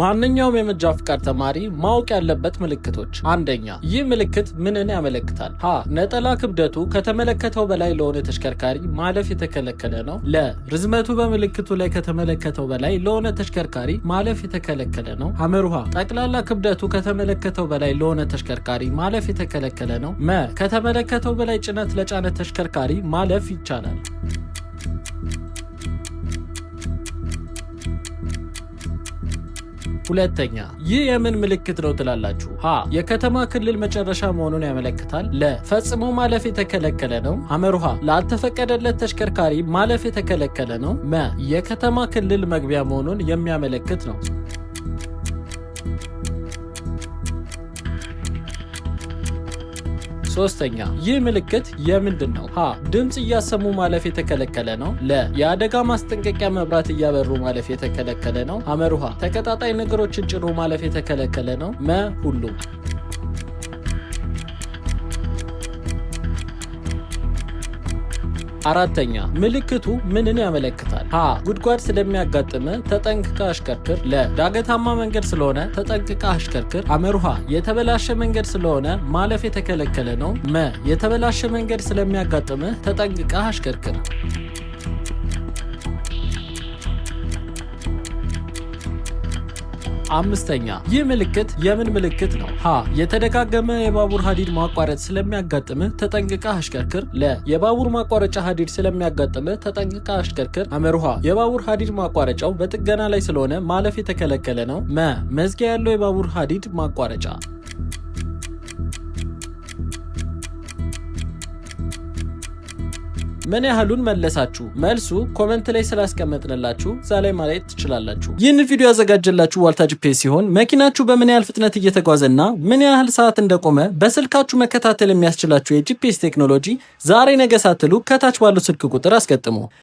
ማንኛውም የመንጃ ፍቃድ ተማሪ ማወቅ ያለበት ምልክቶች፣ አንደኛ ይህ ምልክት ምንን ያመለክታል? ሀ ነጠላ ክብደቱ ከተመለከተው በላይ ለሆነ ተሽከርካሪ ማለፍ የተከለከለ ነው። ለ ርዝመቱ በምልክቱ ላይ ከተመለከተው በላይ ለሆነ ተሽከርካሪ ማለፍ የተከለከለ ነው። አመርሃ ጠቅላላ ክብደቱ ከተመለከተው በላይ ለሆነ ተሽከርካሪ ማለፍ የተከለከለ ነው። መ ከተመለከተው በላይ ጭነት ለጫነ ተሽከርካሪ ማለፍ ይቻላል። ሁለተኛ ይህ የምን ምልክት ነው ትላላችሁ? ሀ የከተማ ክልል መጨረሻ መሆኑን ያመለክታል። ለ ፈጽሞ ማለፍ የተከለከለ ነው። አመርሃ ላልተፈቀደለት ተሽከርካሪ ማለፍ የተከለከለ ነው። መ የከተማ ክልል መግቢያ መሆኑን የሚያመለክት ነው። ሶስተኛ ይህ ምልክት የምንድን ነው? ሀ ድምፅ እያሰሙ ማለፍ የተከለከለ ነው። ለ የአደጋ ማስጠንቀቂያ መብራት እያበሩ ማለፍ የተከለከለ ነው። አመርሃ ተቀጣጣይ ነገሮችን ጭኖ ማለፍ የተከለከለ ነው። መ ሁሉም አራተኛ ምልክቱ ምንን ያመለክታል? ሀ ጉድጓድ ስለሚያጋጥም ተጠንቅቀ አሽከርክር። ለ ዳገታማ መንገድ ስለሆነ ተጠንቅቀ አሽከርክር። አመርሃ የተበላሸ መንገድ ስለሆነ ማለፍ የተከለከለ ነው። መ የተበላሸ መንገድ ስለሚያጋጥመ ተጠንቅቃ አሽከርክር። አምስተኛ ይህ ምልክት የምን ምልክት ነው? ሀ የተደጋገመ የባቡር ሀዲድ ማቋረጥ ስለሚያጋጥም ተጠንቅቀ አሽከርክር። ለ የባቡር ማቋረጫ ሀዲድ ስለሚያጋጥም ተጠንቅቀ አሽከርክር። አመርሃ የባቡር ሀዲድ ማቋረጫው በጥገና ላይ ስለሆነ ማለፍ የተከለከለ ነው። መ መዝጊያ ያለው የባቡር ሀዲድ ማቋረጫ ምን ያህሉን መለሳችሁ? መልሱ ኮመንት ላይ ስላስቀመጥንላችሁ እዛ ላይ ማለት ትችላላችሁ። ይህን ቪዲዮ ያዘጋጀላችሁ ዋልታ ጂፒኤስ ሲሆን መኪናችሁ በምን ያህል ፍጥነት እየተጓዘና ምን ያህል ሰዓት እንደቆመ በስልካችሁ መከታተል የሚያስችላችሁ የጂፒኤስ ቴክኖሎጂ ዛሬ ነገ ሳትሉ ከታች ባለው ስልክ ቁጥር አስገጥሙ።